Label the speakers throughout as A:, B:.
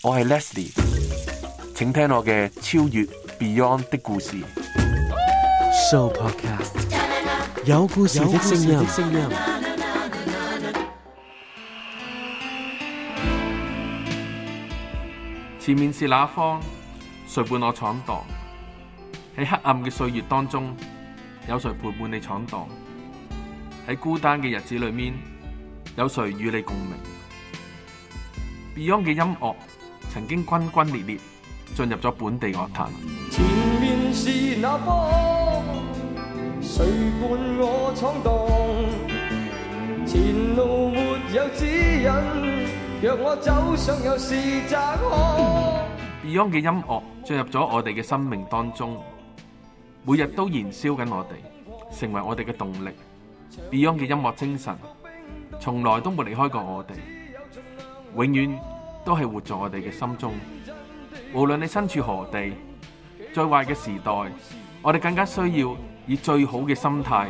A: 我係 Leslie，請聽我嘅超越 Beyond 的故事。
B: So podcast 有故事的聲音。
A: 前面是那方？誰伴我闖蕩？喺黑暗嘅歲月當中，有誰陪伴你闖蕩？喺孤單嘅日子裏面，有誰與你共鳴？Beyond 嘅音樂。曾經轟轟烈烈進入咗本地樂
C: 壇，Beyond 嘅
A: 音樂進入咗我哋嘅生命當中，每日都燃燒緊我哋，成為我哋嘅動力。Beyond 嘅音樂精神從來都冇離開過我哋，永遠。都係活在我哋嘅心中，無論你身處何地，最壞嘅時代，我哋更加需要以最好嘅心態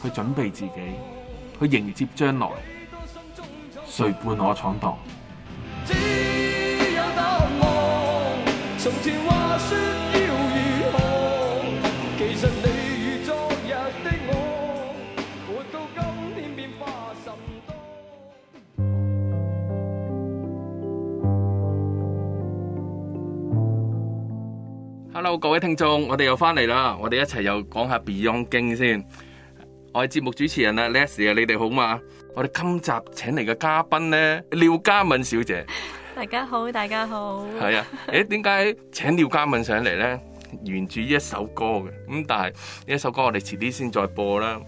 A: 去準備自己，去迎接將來。誰伴我闖蕩？Hello，各位聽眾，我哋又翻嚟啦，我哋一齊又講下 Beyond 經先。我係節目主持人啊，Les 啊，Lassie，你哋好嘛？我哋今集請嚟嘅嘉賓咧，廖嘉敏小姐。
D: 大家好，大家好。係 啊，誒、
A: 欸，點解請廖嘉敏上嚟咧？源自呢一首歌嘅，咁但係呢一首歌我哋遲啲先再播啦。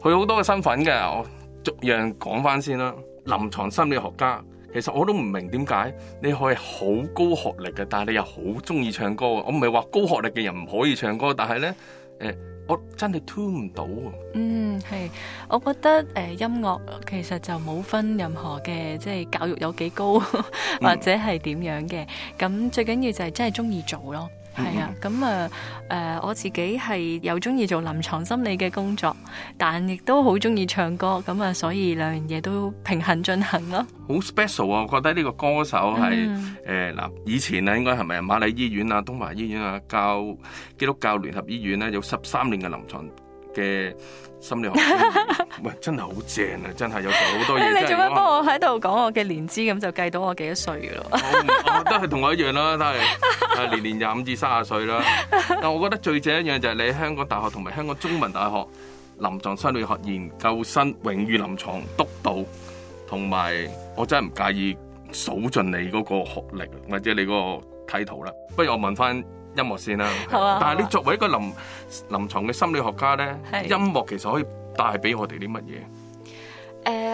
A: 佢好多嘅身份嘅，我逐樣講翻先啦。臨床心理學家。其實我都唔明點解你可以好高學歷嘅，但係你又好中意唱歌。我唔係話高學歷嘅人唔可以唱歌，但係呢，誒、欸，我真係 to 唔到、啊。嗯，
E: 係，
D: 我覺得誒、呃，音樂其實就冇分任何嘅，即、就、係、是、教育有幾高或者係點樣嘅。咁、嗯、最緊要就係真係中意做咯。係啊，咁啊，誒、呃、我自己係又中意做臨床心理嘅工作，但亦都好中意唱歌，咁啊，所以兩樣嘢都平衡進行咯、
A: 啊。好 special 啊！我覺得呢個歌手係誒嗱，以前咧應該係咪瑪麗醫院啊、東華醫院啊、教基督教聯合醫院咧，有十三年嘅臨床嘅心理學， 喂，真係好正啊！真係有好多嘢。你做乜幫
D: 我喺度講我嘅年資咁就計到我幾多歲噶咯？我
A: 都係同我一樣啦，都係、啊、年年廿五至卅歲啦。但我覺得最正一樣就係你香港大學同埋香港中文大學臨床心理學研究生，榮譽臨床督導，同埋我真係唔介意數盡你嗰個學歷或者你嗰個體圖啦。不如我問翻。音樂先啦、啊，但係你作為一個臨、啊、臨床嘅心理學家呢，音樂其實可以帶俾我哋啲乜嘢？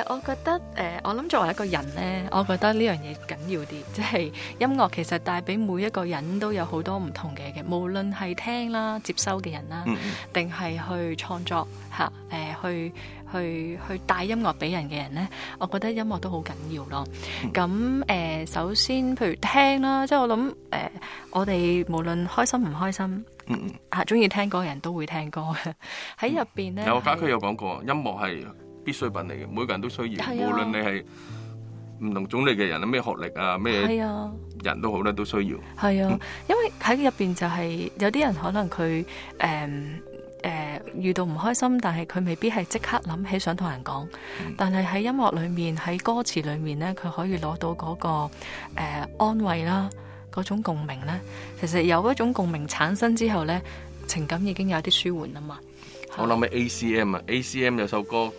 D: 我覺得誒、呃，我諗作為一個人呢，我覺得呢樣嘢緊要啲，即、就、係、是、音樂其實帶俾每一個人都有好多唔同嘅嘢，無論係聽啦、接收嘅人啦，定、嗯、係去創作吓誒、啊呃、去。去去帶音樂俾人嘅人咧，我覺得音樂都好緊要咯。咁誒、呃，首先譬如聽啦，即係我諗誒、呃，我哋無論開心唔開心，嗯嗯，中意聽歌嘅人都會聽歌嘅。喺入邊咧，有家駒
A: 有講過，音樂係必需品嚟嘅，每個人都需要，啊、無論你係唔同種類嘅人，咩學歷啊，咩係啊人都好咧、啊，都需要。
D: 係啊、嗯，因為喺入邊就係、係、有啲人可能佢誒。嗯誒、呃，遇到唔開心，但係佢未必係即刻諗起想同人講、嗯，但係喺音樂裏面，喺歌詞裏面呢，佢可以攞到嗰、嗰個誒、呃、安慰啦，嗰種共鳴呢，其實有一種共鳴產生之後呢，情感已經有啲舒緩啦嘛。
A: 我諗起 ACM 啊，ACM 有首歌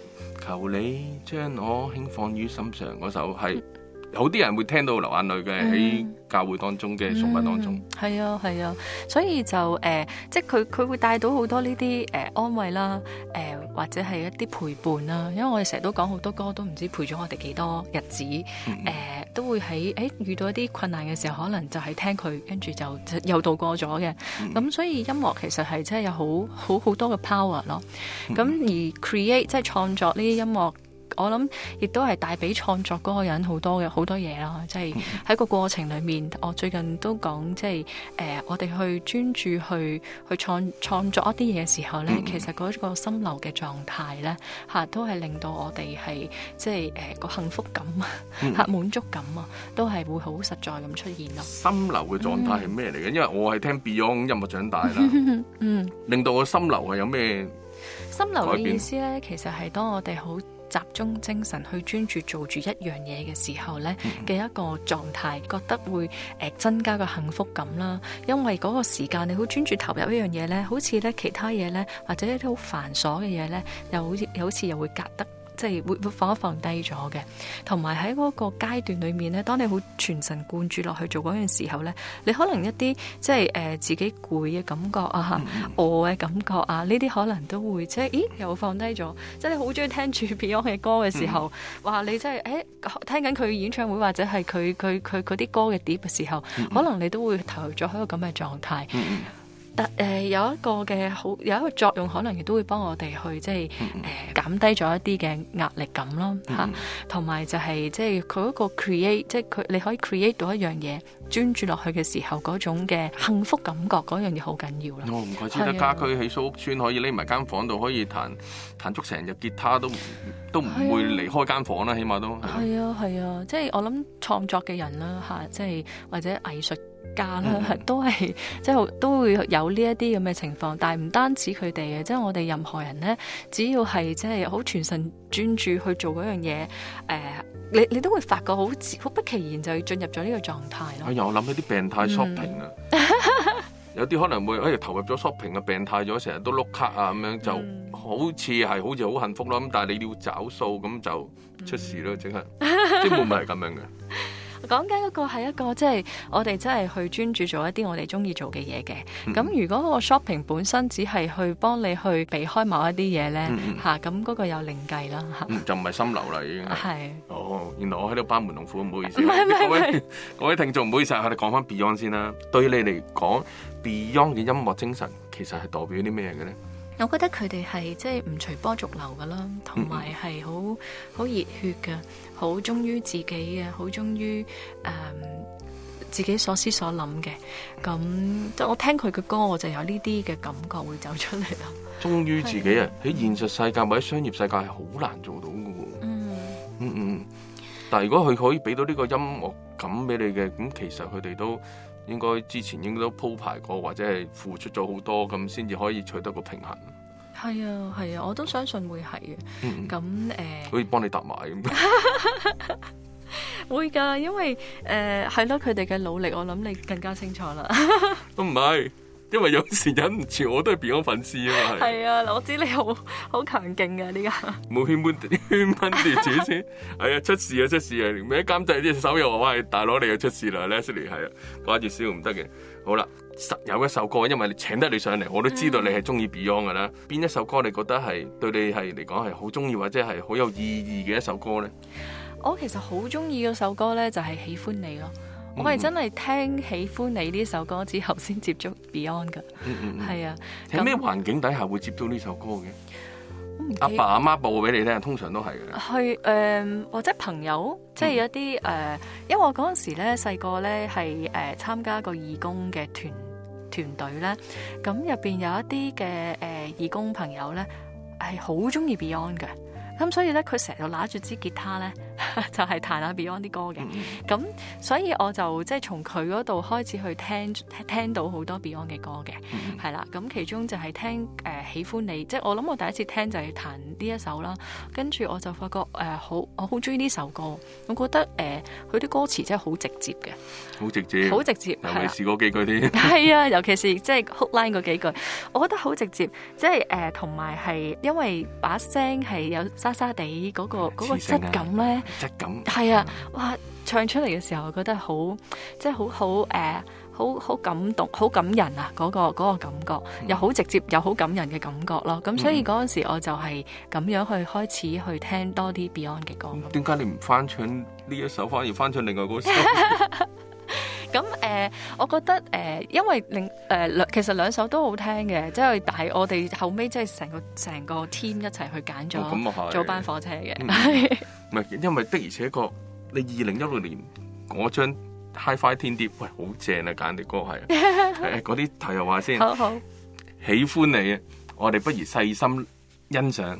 A: 《求你將我輕放於心上》嗰首係。嗯有啲人會聽到流眼淚嘅，喺教會當中嘅崇拜當中，
D: 係、嗯、啊係啊，所以就、呃、即係佢佢會帶到好多呢啲、呃、安慰啦，呃、或者係一啲陪伴啦。因為我哋成日都講好多歌，都唔知陪咗我哋幾多日子，嗯嗯呃、都會喺、哎、遇到一啲困難嘅時候，可能就係聽佢，跟住就，就又度過咗嘅。咁、嗯、所以音樂其實係真係有好好好多嘅 power 咯。咁、嗯、而 create 即係創作呢啲音樂。我諗亦都係帶俾創作嗰個人好多嘅，好多嘢咯，即係喺個過程裏面，我最近都講即係誒，我哋去專注去去創創作一啲嘢嘅時候咧，其實嗰一個心流嘅狀態咧，吓、啊、都係令到我哋係即係誒個幸福感啊，吓滿足感啊，感都係會好實在咁出現咯。
A: 心流嘅狀態係咩嚟嘅？因為我係聽 Beyond 音樂長大啦，嗯，令到我心流係有咩？
D: 心流嘅意思咧，其實係當我哋好。集中精神去專注做住一樣嘢嘅時候咧嘅一個狀態，嗯，覺得會誒增加個幸福感啦。因為嗰個時間你好專注投入一樣嘢咧，好似咧其他嘢咧或者一啲好繁瑣嘅嘢咧，又好似又好似又會夾得。即係會會放一放低咗嘅，同埋喺嗰個階段裏面咧，當你好全神貫注落去做嗰樣的時候咧，你可能一啲即係誒、呃、自己攰嘅感覺啊、餓、嗯、嘅、呃、感覺啊，呢啲可能都會即係，咦又放低咗。即係你好中意聽住 Beyond 嘅歌嘅時候，話、嗯、你真係誒、欸、聽緊佢嘅演唱會或者係佢佢佢佢啲歌嘅碟嘅時候、嗯，可能你都會投入咗喺個咁嘅狀態。嗯嗯但、呃、有一個嘅好有一個作用，可能亦都會幫我哋去即係誒、呃、減低咗一啲嘅壓力感咯嚇，同、啊、埋、嗯、就係、是、即係佢嗰個 create，即係佢你可以 create 到一樣嘢。專注落去嘅時候，嗰種嘅幸福感覺，嗰樣嘢好緊
A: 要啦。哦，唔怪之得、啊、家居喺蘇屋村可以匿埋間房度，可以彈彈足成日吉他都不，都都唔會離開間房啦、啊，起碼都。係啊，係啊，
D: 即係、啊就是、我諗創作嘅人啦，嚇，即係或者藝術家啦、嗯，都係即係都會有呢一啲咁嘅情況。但係唔單止佢哋嘅，即、就、係、是、我哋任何人咧，只要係即係好全神。專注去做嗰樣嘢，誒、呃，你你都會發覺好好不其然就要進入咗呢個狀態
A: 咯。哎呀，我諗起啲病態 shopping 啊、嗯， 有啲可能會哎投入咗 shopping 啊，病態咗，成日都碌卡啊咁樣，就好似係、嗯、好似好幸福咯。咁但係你要找數咁就出事咯，嗯、 即係唔係咁樣嘅。
D: 講緊嗰個係一個即係、就是、我哋真係去專注做一啲我哋中意做嘅嘢嘅。咁、嗯、如果嗰個 shopping 本身只係去幫你去避開某一啲嘢咧，嚇咁嗰個有另計啦嚇、
A: 嗯。就唔係心流啦已經。係。哦，原來我喺度班門弄斧，唔好意思。唔係唔係唔係，各位聽眾唔好意思，我哋講翻 Beyond 先啦。對於你嚟講，Beyond 嘅音樂精神其實係代表啲咩嘅咧？
D: 我覺得佢哋係即係唔隨波逐流噶啦，同埋係好好熱血嘅。好忠於自己嘅，好忠於誒、嗯、自己所思所諗嘅。咁即係我聽佢嘅歌，我就有呢啲嘅感覺會走出嚟咯。
A: 忠於自己啊，喺現實世界或者商業世界係好難做到㗎喎。嗯嗯嗯，但係如果佢可以俾到呢個音樂感俾你嘅，咁其實佢哋都應該之前應該都鋪排過，或者係付出咗好多咁，先至可以取得個平衡。
D: 係啊，係啊，我都相信會係嘅。咁、嗯、誒、嗯
A: 呃，可以幫你答埋咁。
D: 會噶，因為誒係咯，佢哋嘅努力，我諗你更加清楚啦、
A: 啊。都唔係，因為有時忍唔住我，我都係變咗粉絲啊嘛。係
D: 啊，我知你好好強勁嘅呢家，
A: 冇圈半圈蚊轉轉先。係 啊，出事啊出事啊！連咩監製啲手又話喂，大佬你又出事啦，Leslie 係啊，掛住笑唔得嘅。好啦。實有一首歌，因為你請得你上嚟，我都知道你係中意 Beyond 噶啦。邊、嗯、一首歌你覺得係對你係嚟講係好中意或者係好有意義嘅一首歌咧？
D: 我其實好中意嗰首歌咧，就係、是《喜歡你》咯。
A: 我係真係
D: 聽《喜歡你》呢首歌之後先接觸 Beyond 噶。嗯
A: 係、嗯嗯、啊。喺、嗯、咩環境底下會接觸呢首歌嘅？
D: 阿爸阿
A: 媽，媽播俾你聽，通常都係
D: 嘅。係誒、呃，或者朋友，即係有啲誒，因為我嗰陣時咧細個咧係誒參加個義工嘅團。團隊咧，咁入面有一啲嘅誒義工朋友咧，係好中意 Beyond 嘅，咁所以咧，佢成日拿住支吉他咧。 就係彈下 Beyond 啲歌嘅，咁、mm -hmm. 所以我就即係從佢嗰度開始去聽，聽到好多 Beyond 嘅歌嘅，係、mm、啦 -hmm.，咁其中就係聽，誒、呃、喜歡你，即、就、係、是、我諗我第一次聽就係彈呢一首啦，跟住我就發覺，誒、呃、好，我好中意呢首歌，我覺得誒佢啲歌詞真係好直接嘅，
A: 好直接，好直接，係咪試過
D: 幾句啲？係啊， 尤其是即係、就、hook、是、line 嗰幾句，我覺得好直接，即係，誒同埋係因爲把聲係有沙沙地嗰、那個嗰、那個質感咧。
A: 質感係
D: 啊、嗯，哇！唱出嚟嘅時候，我覺得好即係好好誒，好、就、好、係 uh, 感動，好感人啊！嗰、嗰個、嗰個感覺，又、嗯、好直接，又好感人嘅感覺咯。咁所以嗰陣時，我就係咁樣去開始去聽多啲 Beyond 嘅歌。
A: 點、嗯、解你唔翻唱呢一首，反而翻唱另外嗰首？
D: 咁誒、呃，我覺得誒、呃，因為另誒兩其實兩、呃、首都好聽嘅，即係但係我哋後尾即係成個成個 team 一齊去揀咗早班火車嘅，係
A: 唔係？嗯嗯、 因為的而且確，你二零一六年嗰張 High Five 天碟，喂，好正啊！揀啲歌係嗰啲題又話先，好好喜歡你，我哋不如細心欣賞。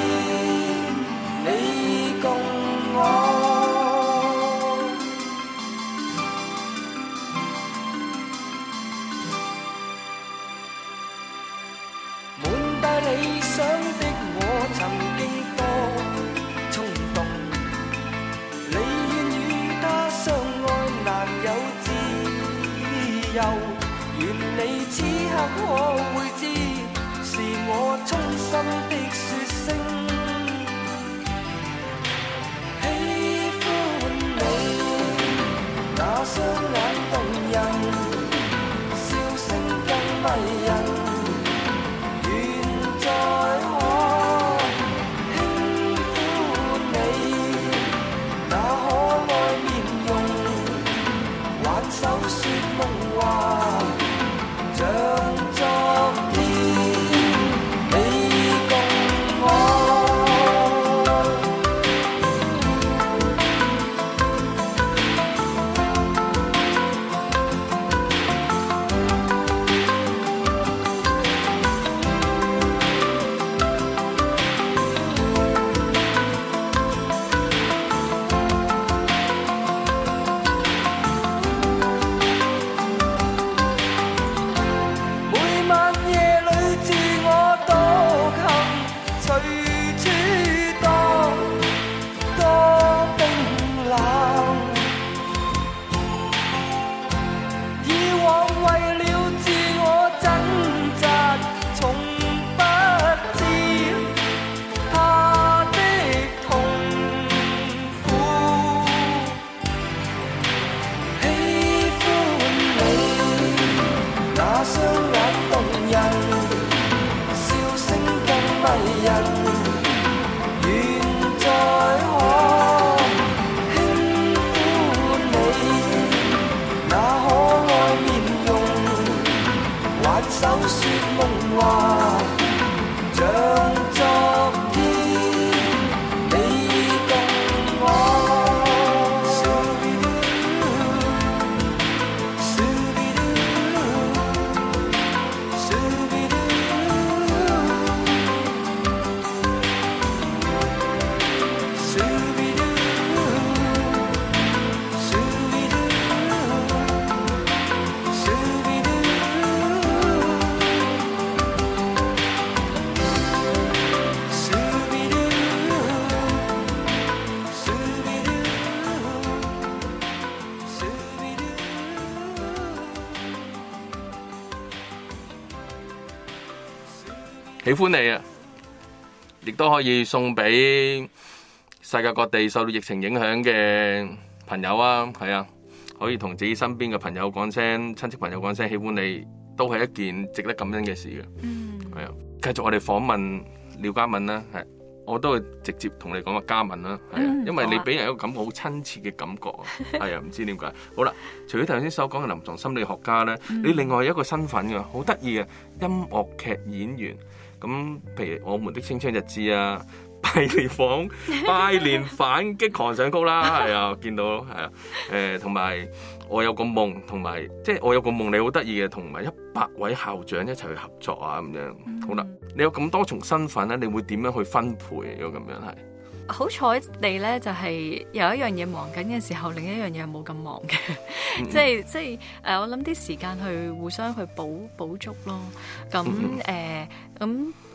C: 可會知，是我衷心的說聲喜歡你，那聲。
A: 喜歡你啊，亦都可以送俾世界各地受到疫情影響嘅朋友啊。係啊，可以同自己身邊嘅朋友講聲，親戚朋友講聲，喜歡你都係一件值得感恩嘅事嘅。嗯，係啊。繼續我哋訪問廖嘉敏啦、啊。係、啊，我都會直接同你講個嘉敏啦、啊。係啊，因為你俾人一個感覺好親切嘅感覺啊。係啊，唔知點解。好啦，除咗頭先所講嘅臨床心理學家咧，你另外有一個身份嘅好得意嘅音樂劇演員。咁，譬如《我們的青春日誌》啊，拜年房、拜年反擊狂想曲啦，係 啊，見到係啊，誒、欸，同埋我有個夢，同埋即係我有個夢你有，你好得意嘅，同埋一百位校長一齊去合作啊，咁樣，嗯、好啦，你有咁多重身份咧，你會點樣去分配、啊、如果咁樣係？
D: 好彩地咧，就係、係、有一樣嘢忙緊嘅時候，另一樣嘢冇咁忙嘅，即係即係我諗啲時間去互相去補補足咯。咁誒咁。 呃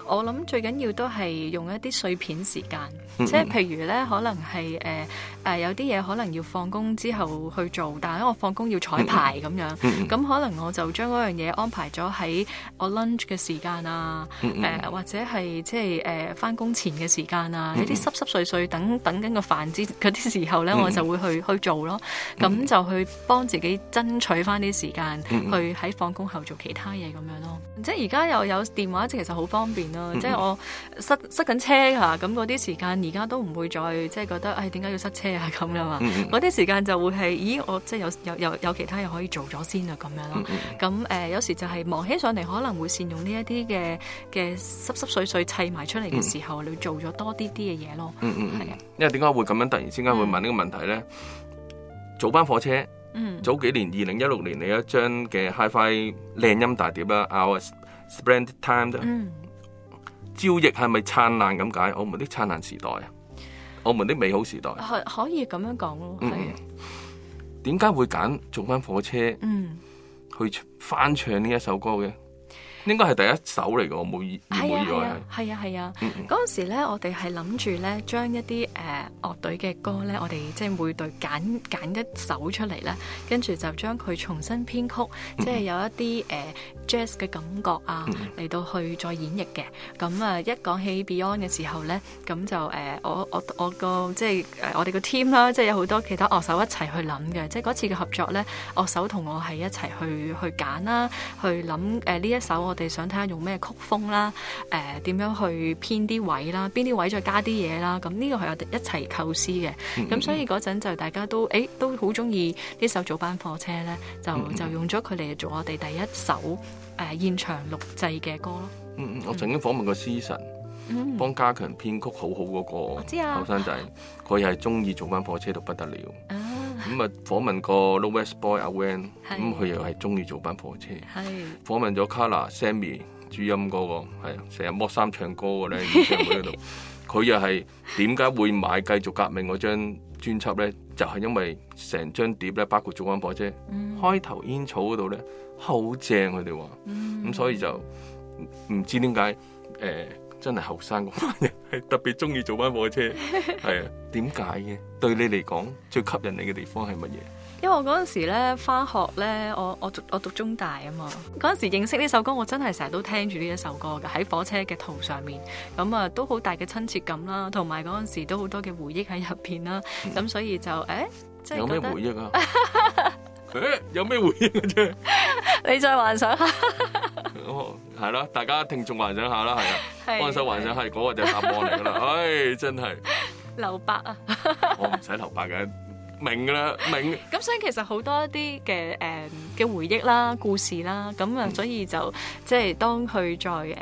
D: 我諗最緊要都係用一啲碎片時間，即係譬如咧，可能係誒誒有啲嘢可能要放工之後去做，但係我放工要彩排咁樣，咁、嗯嗯、可能我就將嗰樣嘢安排咗喺我 lunch 嘅時間啊，誒、嗯嗯呃、或者係即係誒翻工前嘅時間啊，呢啲濕濕碎碎等等緊個飯之嗰啲時候咧、嗯，我就會去、嗯、去做咯，咁就去幫自己爭取翻啲時間、嗯嗯、去喺放工後做其他嘢咁樣咯。即係而家又有電話，即係其實好方便。嗯嗯即係我塞塞緊車嚇，咁嗰啲時間而家都唔會再即係覺得，誒點解要塞車啊咁嘅嘛？嗰、嗯、啲、嗯、時間就會係，咦，我即係有有有，有其他嘢可以做咗先啊咁樣咯。咁、嗯、誒、嗯呃、有時就係忙起上嚟，可能會善用呢一啲嘅嘅濕濕碎碎砌埋出嚟嘅時候，你、嗯、做咗多啲啲嘅嘢咯。嗯嗯，嗯，
A: 係因為點解會咁樣突然之間會問呢個問題咧、嗯？早班火車，嗯、早幾年二零一六年你一張嘅 HiFi 靚音大碟啦、嗯、，Our Splendid Times 朝日係咪燦爛咁解？我們啲燦爛時代啊，我們啲美好時代，
D: 可，可以咁樣講咯。嗯，
A: 點解會揀做翻火車？嗯，去翻唱呢一首歌嘅？應該係第一首嚟嘅、啊啊啊啊啊嗯，我冇意冇意外。
D: 係啊係啊，嗰陣時咧，我哋係諗住咧，將一啲誒樂隊嘅歌咧，我哋即係每隊揀揀一首出嚟咧，跟住就將佢重新編曲，嗯、即係有一啲誒、呃、jazz 嘅感覺啊，嚟到去再演繹嘅。咁、嗯、啊，一講起 Beyond 嘅時候咧，咁就誒、呃，我我我個即係我哋個 team 啦，即係有好多其他樂手一齊去諗嘅。即係嗰次嘅合作咧，樂手同我係一齊去去揀啦，去諗誒呢一首我。我哋想睇下用咩曲風啦，誒、呃、點樣去編啲位啦，邊啲位再加啲嘢啦，咁呢個係我哋一齊構思嘅。咁、嗯、所以嗰陣就大家都誒、欸、都好中意呢首早班火車咧，就、嗯、就用咗佢嚟做我哋第一首誒、呃、現場錄製嘅歌咯。嗯嗯，
A: 我曾經訪問過詩神、嗯，幫加強編曲好好嗰個我知呀，後生仔，佢又係中意早班火車到不得了。啊咁、嗯、啊，訪問過 Lowest Boy 阿 Wen，咁佢又係中意做班火車，係訪問咗 Kolor Sammy，主音嗰個係啊，成日剝衫唱歌嘅咧，演唱會度。佢又係點解會買《繼續革命》嗰張專輯咧？就係、是、因為成張碟咧，包括做班火車、嗯、開頭煙草嗰度咧好正，佢哋話。咁、嗯嗯、所以就唔知點解，誒、呃、真係後生嗰班咧。 係特別中意做班火車，係啊？點解嘅？對你嚟講最吸引你嘅地方係乜嘢？
D: 因為我嗰陣時咧翻學咧，我我讀我讀中大啊嘛。嗰陣時認識呢首歌，我真係成日都聽住呢一首歌噶。喺火車嘅圖上面，咁啊都好大嘅親切感啦，同埋嗰陣時都好多嘅回憶喺入邊啦。咁所以就誒，即、欸、係、就是、有咩回憶
A: 啊？誒、 欸，有咩回憶嘅、啊、
D: 啫？ 你再幻想下。
A: 係咯，大家聽眾幻想下啦，係啊，幫手幻想係嗰個就答案嚟噶啦。唉，真係留白啊！我唔使留白嘅，明噶啦，明
D: 咁。所以其實好多一啲嘅誒嘅回憶啦、故事啦，咁啊，所以就即係當佢再誒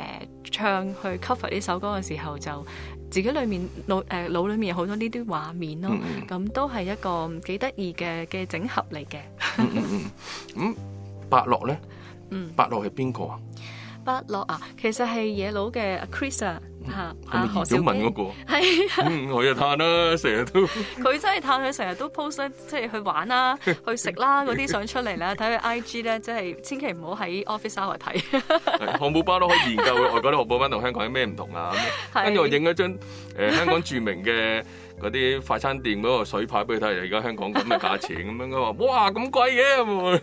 D: 唱去 cover 呢首歌嘅時候，就自己裏面腦誒腦裏面有好多呢啲畫面咯。咁都係一個幾得意嘅嘅整合嚟嘅。嗯
A: 嗯嗯。咁伯樂咧？嗯，伯樂係邊個啊？
D: 不樂啊，其實係野佬嘅 Chris 啊，嚇、嗯啊、何小文嗰、嗰個，
A: 係， 嗯，可以嘆啦，成日都 他，
D: 佢真係嘆，佢成日都 post 即係去玩啦，去食啦嗰啲相出嚟咧，睇 佢 IG 咧，真係千祈唔好喺 office 啊去睇，
A: 漢堡包都可以研究外國啲漢堡包同香港有咩唔同啊，跟 住我影咗張誒、呃、香港著名嘅。 嗰啲快餐店嗰個水牌俾佢睇，而家香港咁嘅價錢咁， 應該話哇咁貴嘅、啊，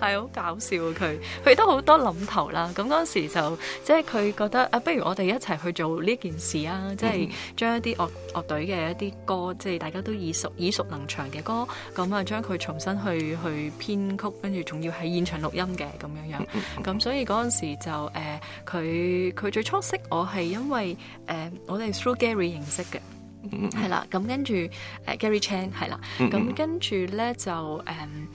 D: 係 好搞笑嘅。佢佢都好多諗頭啦。咁嗰陣時就即係佢覺得啊，不如我哋一齊去做呢件事啊，即、就、係、是、將一啲樂樂隊嘅一啲歌，即、就、係、是、大家都耳熟耳熟能詳嘅歌，咁啊將佢重新去去編曲，跟住仲要喺現場錄音嘅咁樣樣。咁 所以嗰陣時候就誒佢佢最初識我係因為誒、呃、我哋 through Gary 認識嘅。係、mm、啦 -hmm.，咁跟住誒 Gary Chan 係啦，咁、mm -hmm. 跟住咧就誒，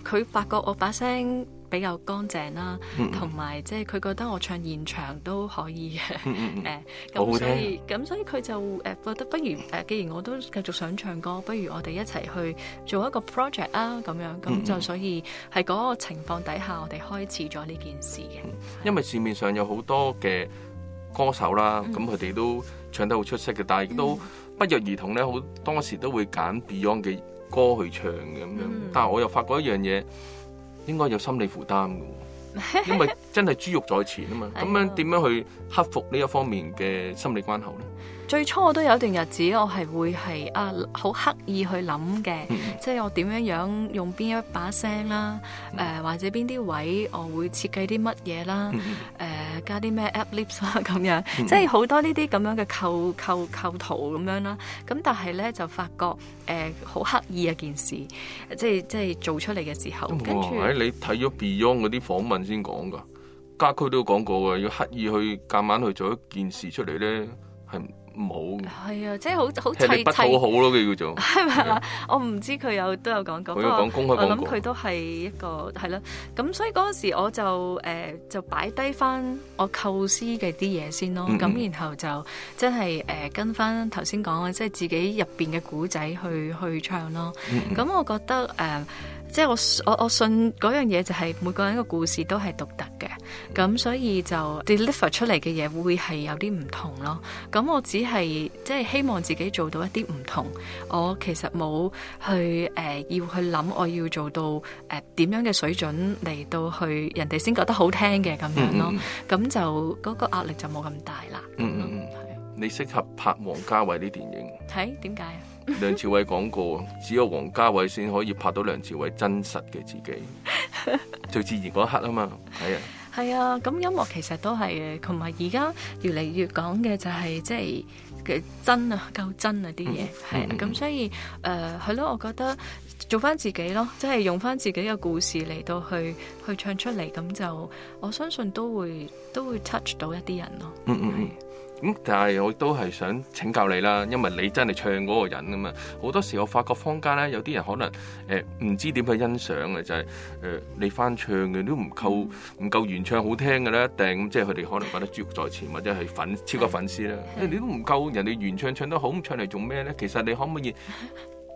D: 佢、嗯、發覺我把聲比較乾淨啦，同埋即係佢覺得我唱現場都可以嘅，誒、mm、咁 -hmm. 嗯嗯啊、所以咁所以佢就誒覺得不如誒，既然我都繼續想唱歌，不如我哋一齊去做一個 project 啦、啊。咁樣咁就所以喺嗰個情況底下，我哋開始咗呢件事
E: 嘅、
A: mm -hmm.，因為市面上有好多嘅。歌手啦，咁佢哋都唱得好出色嘅，但係亦都不約而同咧，好多時都會揀 Beyond 嘅歌去唱嘅咁樣，但係我又發覺一樣嘢，應該有心理負擔
D: 嘅，因為
A: 真係豬肉在前啊嘛。咁 樣點樣去克服呢一方面嘅心理關口咧？
D: 最初我都有一段日子，我係會係啊好刻意去諗嘅，即、嗯、係、就是、我點樣樣用邊一把聲啦，誒、嗯、或者邊啲位，我會設計啲乜嘢啦，誒、嗯。嗯加啲咩 app clips 啊咁樣，即係好多呢呢呢啲咁樣嘅構構構圖咁樣啦。咁但係咧就發覺誒，好、呃、刻意啊件事，即係即係做出嚟嘅時候。跟住，喺
A: 你睇咗 Beyond 嗰啲訪問先講噶，家駒都講過嘅，要刻意去夾硬去做一件事出嚟咧，係。冇，
D: 係啊，即係好好砌砌好好咯，
A: 佢叫做係咪
D: 啊？我唔知佢有都有講過，不過講講我諗佢都係一個係咯。咁、啊、所以嗰時我就誒、呃、就擺低翻我構思嘅啲嘢先咯。咁、嗯嗯、然後就真係誒、呃、跟翻頭先講嘅，即係自己入邊嘅古仔去去唱咯。咁、嗯嗯、我覺得誒。呃即係我我我信嗰樣嘢就係每個人嘅故事都係獨特嘅，咁所以就 deliver 出嚟嘅嘢會係有啲唔同咯。咁我只係即係希望自己做到一啲唔同。我其實冇去誒、呃、要去諗我要做到誒點、呃、樣嘅水準嚟到去人哋先覺得好聽嘅咁樣咯。咁、嗯嗯、就嗰個壓力就冇咁大啦。嗯嗯
A: 嗯，係你適合拍王家衛啲電影？
D: 係點解？
A: 梁朝偉講過，只有王家衛先可以拍到梁朝偉真實嘅自己， 最自然嗰一刻啊嘛，係 啊，
D: 係啊。咁音樂其實都係，同埋而家越嚟越講嘅就係即係嘅真，夠真、嗯、啊，夠真啊啲嘢，係咁。所以誒，係、嗯、咯、呃啊，我覺得做翻自己咯，即、就、係、是、用翻自己嘅故事嚟到去去唱出嚟，咁就我相信都會都會 touch 到一啲人咯。嗯嗯。
A: 咁但係我都係想請教你啦，因為你真係唱嗰個人啊嘛。好多時我發覺坊間咧有啲人可能誒唔、呃、知點去欣賞啊，就係、是、誒、呃、你翻唱嘅都唔夠唔夠原唱好聽嘅啦。一定即係佢哋可能覺得珠玉在前或者係粉超級粉絲啦，誒你都唔夠人哋原唱唱得好，咁唱嚟做咩咧？其實你可唔可以？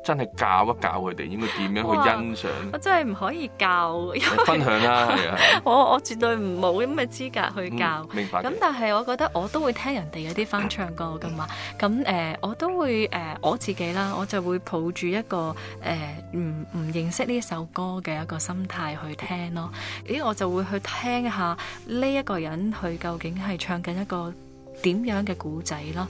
A: 真係教一教佢哋應該點樣去欣賞。我
D: 真係唔可以教。因為分享啦，我我絕對唔冇咁嘅資格去教。嗯、明白。咁但係我覺得我都會聽人哋有啲翻唱歌㗎嘛。咁、呃、我都會、呃、我自己啦，我就會抱住一個呃、唔唔、認識呢首歌嘅一個心態去聽咯。咦，我就會去聽下呢一個人佢究竟係唱緊一個點樣嘅古仔啦？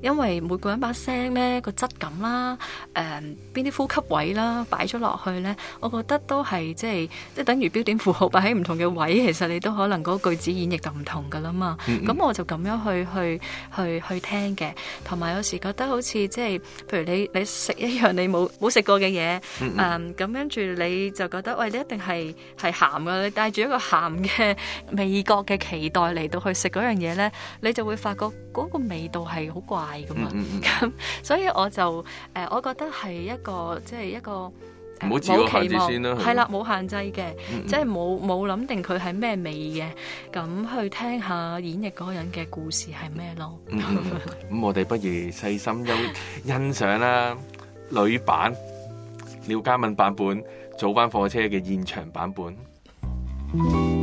D: 因為每個人把聲咧個質感啦，誒邊啲呼吸位啦擺咗落去咧，我覺得都係即係即係等於標點符號擺喺唔同嘅位，其實你都可能個句子演繹就唔同噶啦嘛。咁、嗯嗯、我就咁樣去去去去聽嘅，同埋有,有時覺得好似即係譬如你你食一樣你冇冇食過嘅嘢，誒咁跟住你就覺得喂你一定係係咸㗎，你帶住一個咸嘅味覺嘅期待嚟到去食樣嘢咧，你就會發。個、那、嗰個味道係好怪噶嘛，咁、嗯
E: 嗯嗯、
D: 所以我就誒，我覺得係一個即係、就是、一個冇期望，係啦，冇限制嘅、嗯嗯，即係冇冇諗定佢係咩味嘅，咁去聽下演繹嗰個人嘅故事係咩咯？咁、嗯
A: 嗯、 我哋不如細心欣 欣賞啦，女版廖家敏版本早班火車嘅現場版本。嗯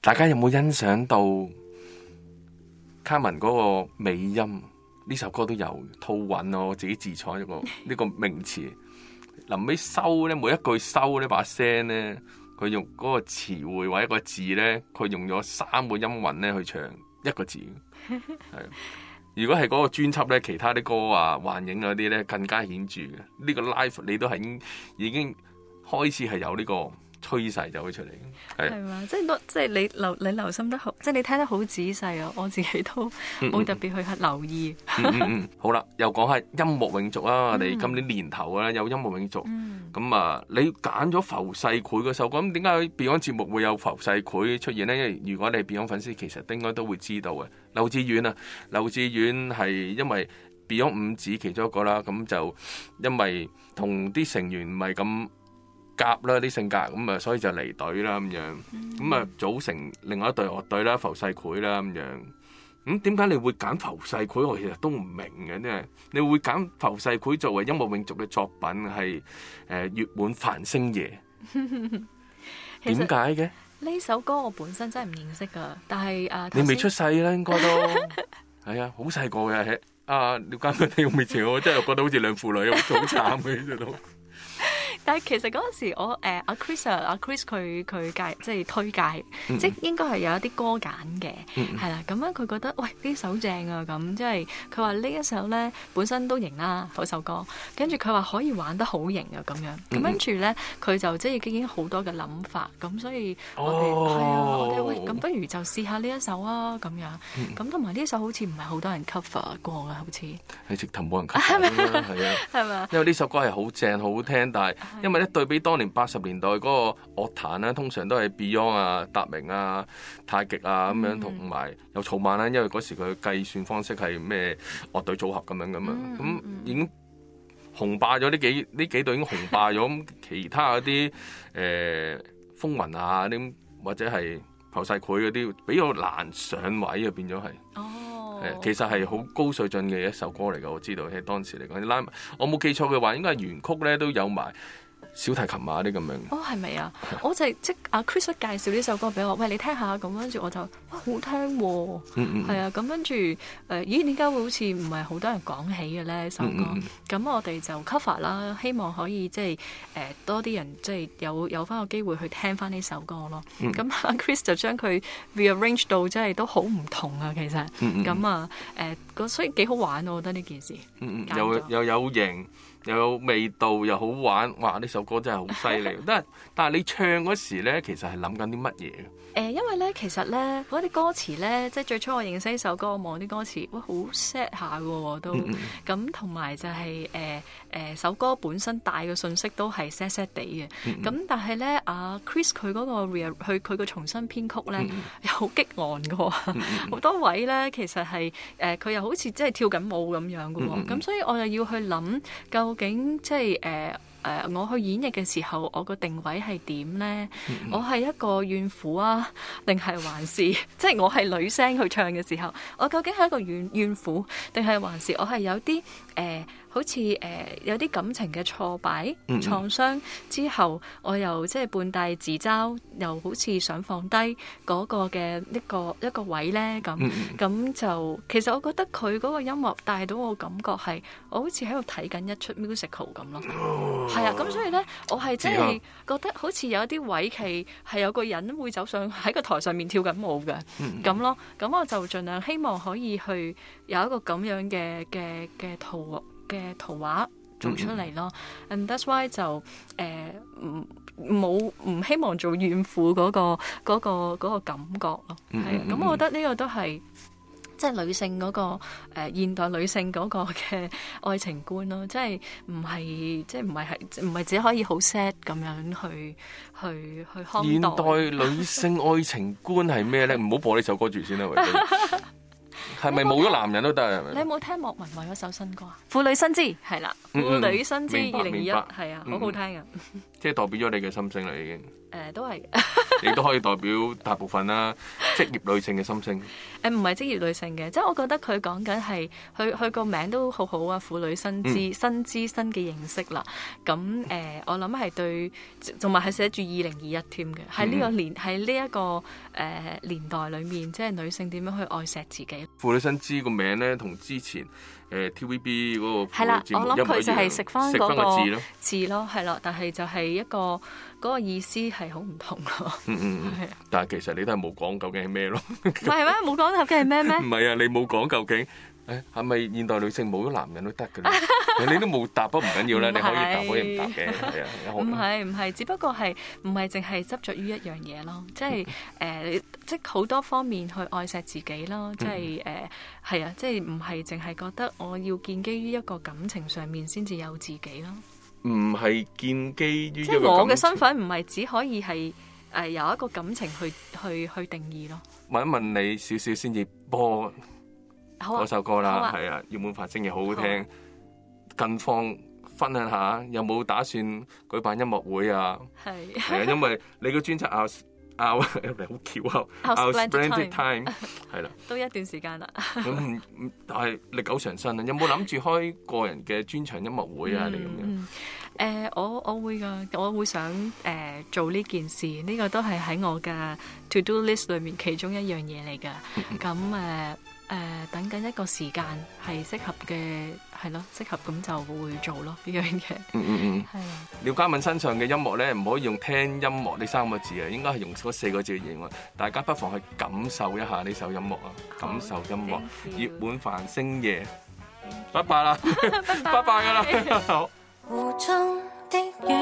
A: 大家有冇欣賞到卡文嗰個尾音？呢首歌都有套韻，我自己自創一個呢個名詞。臨尾收呢，每一句收呢把聲呢，佢用嗰個詞彙或一個字呢，佢用咗三個音韻呢去唱一個字。係，如果係嗰個專輯呢，其他啲歌啊、幻影嗰啲呢，更加顯著嘅。呢個 live 你都係已經開始係有呢個。吹曬就會出嚟，係
D: 嘛？即係即係你留你留心得好，即係你聽得好仔細啊！我自己都冇特別去留意。嗯嗯嗯嗯
A: 好啦，又講下音樂永續啊！我、嗯、哋今年年頭啊，有音樂永續。咁、嗯、啊、嗯，你揀咗浮世繪嘅首歌，咁點解 Beyond 節目會有浮世繪出現呢？因為如果你係 Beyond 粉絲，其實應該都會知道嘅。劉志遠啊，劉志遠係因為 Beyond 五子其中一個啦，咁就因為同啲成員唔係咁。夾啦啲性格，咁啊，所以就離隊啦咁樣，咁啊，組成另外一隊樂隊啦，浮世繪啦咁樣。咁點解你會揀浮世繪？我其實都唔明嘅，即係你會揀浮世繪作為音樂永續嘅作品係誒月滿繁星夜，點解嘅？
D: 呢首歌我本身真係唔認識噶，但係啊，你未出
A: 世啦，應該都係啊，好細個嘅，阿了解佢喺我面前，我真係覺得好似兩父女，好慘嘅，其實都。
D: 但其實嗰陣時我，我誒阿 Chris 啊、uh，Chris 佢佢介即係推介，嗯嗯即係應該係有一啲歌揀嘅，係、嗯、啦、嗯。咁樣佢覺得喂呢首正啊，咁即係佢話呢一首咧本身都型啦嗰首歌，跟住佢話可以玩得好型啊咁樣。咁跟住咧佢就即係經已好多嘅諗法，咁所以我哋係、哦、啊，我哋喂咁不如就試下呢一首啊咁樣。咁同埋呢首好似唔係好多人 cover 過好直人 cover
A: 啊，好似係直頭冇人 cover 啦，係啊，係咪？因為呢首歌係好正、好聽，但係。因為咧對比當年八十年代嗰個樂壇咧，通常都係 Beyond 啊、達明啊、太極啊咁樣，同、mm、埋 -hmm. 有草蜢啦。因為嗰時佢嘅計算方式係咩樂隊組合咁樣咁樣，咁、mm -hmm. 已經紅霸咗呢幾呢幾隊已經紅霸咗。咁其他嗰啲誒風雲啊，啲或者係浮世繪嗰啲，比較難上位啊，變咗係。哦、oh。其實係好高水準嘅一首歌嚟㗎，我知道喺當時嚟講。拉，我冇記錯嘅話，應該係原曲咧都有埋。小提琴啊啲咁樣，哦，係咪啊？
D: 我就係、是、即阿 Chris 介紹呢首歌俾我，喂你聽下咁，跟住我就、啊、好聽喎、哦，係、嗯嗯嗯、啊咁跟住誒，咦點解會好似唔係好多人講起嘅咧首歌？咁、嗯嗯、我哋就 cover 啦，希望可以即係誒、呃、多啲人即係有有翻個機會去聽翻呢首歌咯。咁、嗯、阿、嗯嗯啊、Chris 就將佢 rearrange 到即係都好唔同啊，其實咁啊誒，所以幾好玩我覺得呢件事，嗯
A: 嗯有，又又有型。有又有味道又好玩，哇！呢首歌真係好犀利，但係 但係你唱嗰時咧，其實係諗緊啲乜嘢？
D: 誒、呃，因為咧，其實咧，嗰啲歌詞咧，即係最初我認識呢首歌，我望啲歌詞，哇，好 sad 下喎，都咁，同、嗯、埋就係誒誒，首歌本身帶嘅信息都係 sad sad 地嘅。咁、嗯、但係咧，阿、啊、Chris 佢嗰個佢佢個重新編曲咧、嗯，又好激昂㗎喎，好、嗯、 多位咧，其實係誒，佢、呃、又好似即係跳緊舞咁樣㗎喎。咁、嗯、所以我又要去諗，究竟即係誒。呃誒、uh，我去演繹嘅時候，我個定位係點呢？ 我係一個怨婦啊，定係還是，還是即係我係女聲去唱嘅時候，我究竟係一個怨怨婦，定係還是我係有啲誒？呃好似、呃、有啲感情嘅挫敗、創傷、嗯、之後，我又即係半帶自嘲，又好似想放低嗰個嘅一個一個位咧咁。咁、嗯嗯、就其實我覺得佢嗰個音樂帶到我感覺係，我好似喺度睇緊一出 musical 咁咯。係、哦、啊，咁所以咧，我係真係覺得好似有一啲位期係有個人會走上喺個台上面跳緊舞嘅咁、嗯、咯。咁我就盡量希望可以去有一個咁樣嘅嘅嘅套嘅圖畫做出嚟咯、mm -hmm.，and that's why 就誒，唔冇唔希望做怨婦嗰、那個、那個、那個那個感覺咯，係、mm、啊 -hmm.，
E: 咁、mm -hmm. 我覺
D: 得呢個都係即係女性嗰、那個誒、呃、現代女性嗰個嘅愛情觀咯，即係唔係即係唔係係唔係只可以好 sad 咁樣去去去看待現代女性
A: 愛情觀係咩咧？唔 好播呢首歌住先啦，喂。 係咪冇咗男人都得？你有
D: 冇聽、聽莫文蔚嗰首新歌啊？《婦女新知》係啦，《婦、嗯、女新知》二零二一係啊，好好聽㗎。嗯
A: 即係代表咗你嘅心聲啦，已經。誒、呃，都係。你 都可以代表大部分啦，職業女性嘅心聲。誒、
D: 呃，唔係職業女性嘅，即、就、係、是、我覺得佢講緊係，佢佢個名都好好啊，《婦女新知、嗯》新知新嘅認識啦。咁誒、呃，我諗係對，仲係寫住二零二一添嘅。喺呢個年，喺呢一個誒、呃、年代裏面，即、就、係、是、女性點樣去愛錫自己。
A: 婦女新知個名咧，同之前誒、呃、TVB 嗰個《婦女新知》係啦，我諗佢就係食翻嗰個
D: 字咯，係咯，但係就係、是。一個嗰個意思係好
A: 唔同咯，但係其實你都係冇講究竟係咩咯，
D: 唔係咩冇講究竟係咩咩？唔
A: 係啊，你冇講究竟，誒係咪現代女性冇咗男人都得嘅咧？你都冇答都唔緊要啦，你可以答可以唔答嘅，係啊，唔
D: 係唔係，只不過係唔係淨係執着於一樣嘢咯，即係誒，即係好多方面去愛錫自己咯，即係誒係啊，即係唔係淨係覺得我要建基於一個感情上面先至有自己咯。
A: 唔係建基於我嘅身份，
D: 唔係只可以係誒，由、呃、一個感情去去去定義咯。
A: 問一問你少少先至播嗰首歌啦，係啊，要滿、啊啊、發真嘢，好好聽。好啊，近況分享一下，有冇打算舉辦音樂會啊？係係啊， 因為你嘅專輯啊。out 嚟好巧合，out splendid time 係啦，
D: 都一段時間啦。咁唔唔，
A: 但係歷久常新啦。有冇諗住開個人嘅專場音樂會啊？你咁
D: 樣？誒，我我會噶，我會想誒做呢件事。呢個都係喺我嘅 to do list 裏面其中一樣嘢嚟噶。咁誒。誒、呃、等緊一個時間係適合嘅係咯，適合咁就會做咯呢樣嘢。嗯嗯嗯，係、嗯。
A: 廖嘉敏身上嘅音樂咧，唔可以用聽音樂呢三個字啊，應該係用嗰四個字形容。大家不妨去感受一下呢首音樂啊，感受音樂。月滿繁星夜，拜拜啦，拜拜㗎啦，
E: 拜拜 好。湖中的月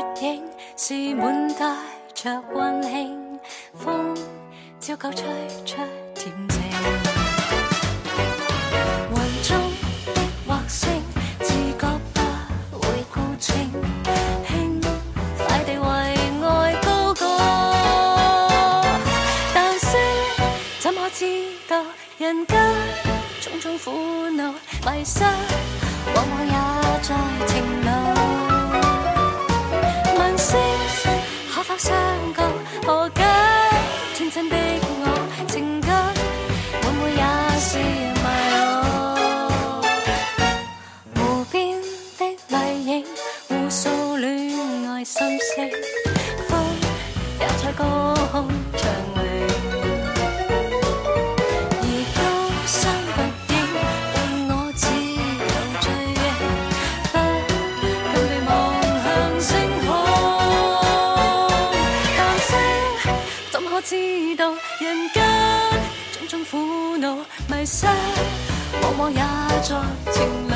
E: 家，種種苦惱，迷失，往往也在情路。問星，可否相告？何解？天真的我，情感，每每也是迷路。湖邊的麗影，互訴戀愛心聲，風也在歌唱。往往也在情裏。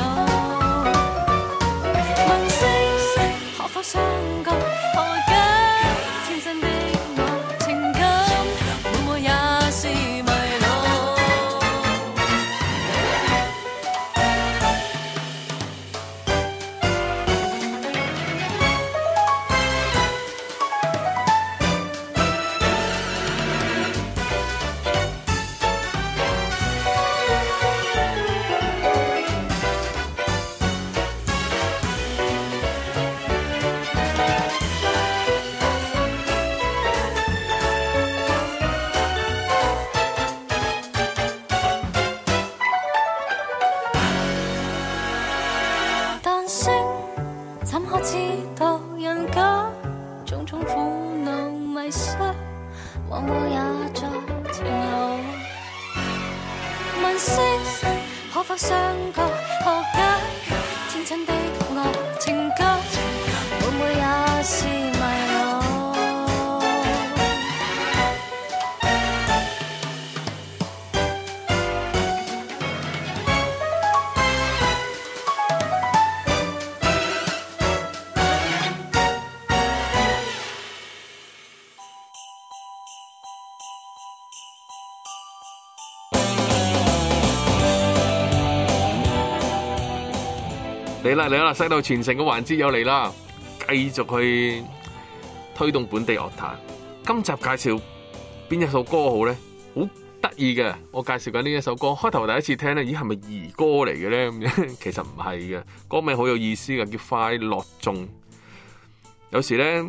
E: 種種苦惱迷失，往往也在前路。問星，可否相告何解？天真的。
A: 嚟啦嚟啦！世代傳承嘅環節又嚟啦，繼續去推動本地樂壇。今集介紹邊一首歌好咧？好得意嘅，我介紹緊呢一首歌。開頭第一次聽咧，咦，係咪兒歌嚟嘅咧？咁 樣其實唔係嘅，歌名好有意思嘅，叫《快樂頌》。有時咧，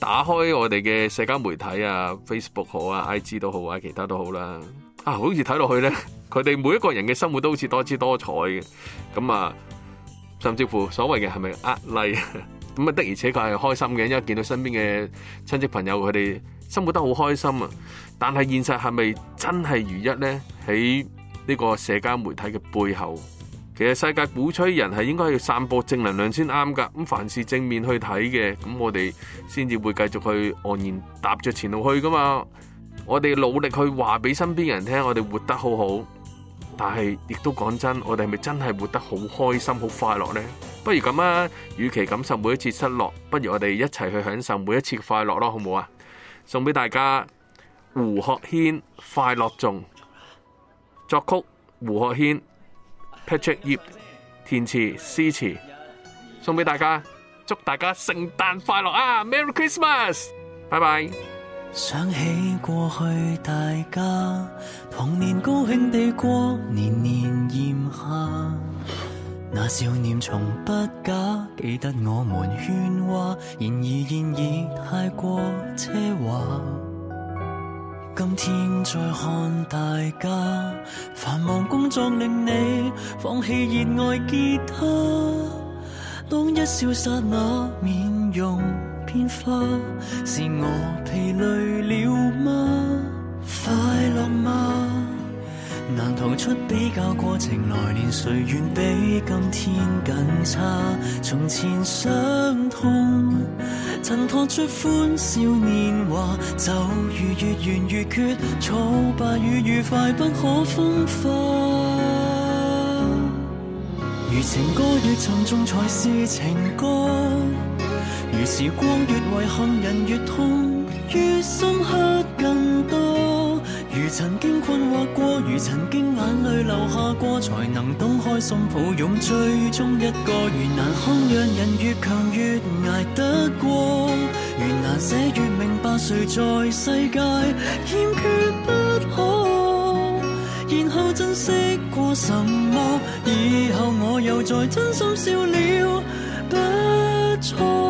A: 打開我哋嘅社交媒體啊，Facebook 好啊，I G 都好啊，其他都好啦。啊，好似睇落去咧，佢哋每一個人嘅生活都好似多姿多彩嘅咁啊。甚至乎所謂嘅係咪呃例啊？咁啊 的而且確係開心嘅，因為見到身邊嘅親戚朋友佢哋生活得好開心啊！但係現實係咪真係如一呢？喺呢個社交媒體嘅背後，其實世界鼓吹人係應該要散播正能量先啱㗎。咁凡事正面去睇嘅，咁我哋先至會繼續去昂然踏着前路去㗎嘛。我哋努力去話俾身邊人聽，我哋活得好好。但係，亦都講真，我哋係咪真係活得好開心、好快樂呢？不如咁啊，與其感受每一次失落，不如我哋一齊去享受每一次嘅快樂咯，好唔好啊？送俾大家，胡學軒快樂頌作曲，胡學軒 Patrick 葉填詞詩詞，送俾大家，祝大家聖誕快樂啊！Merry Christmas，拜拜。
B: 想起過去，大家童年高興地過，年年炎夏，那少年從不假，記得我們喧嘩。然而現已太過奢華。今天再看大家，繁忙工作令你放棄熱愛結他，當一笑剎那，面容變化是我疲累了嗎？快樂嗎？難逃出比較過程，來年誰願比今天更差？從前傷痛襯托出歡笑年華，就如月圓月缺，挫敗與愉快不可分化。如情歌越沉重才是情歌。如時光越遺憾，人越痛，越深刻更多。如曾經困惑過，如曾經眼淚流下過，才能懂開心抱擁最終一個。越難看，讓人越強越捱得過。越難寫，越明白誰在世界欠缺不可。然後珍惜過什麼？以後我又再真心笑了，不錯。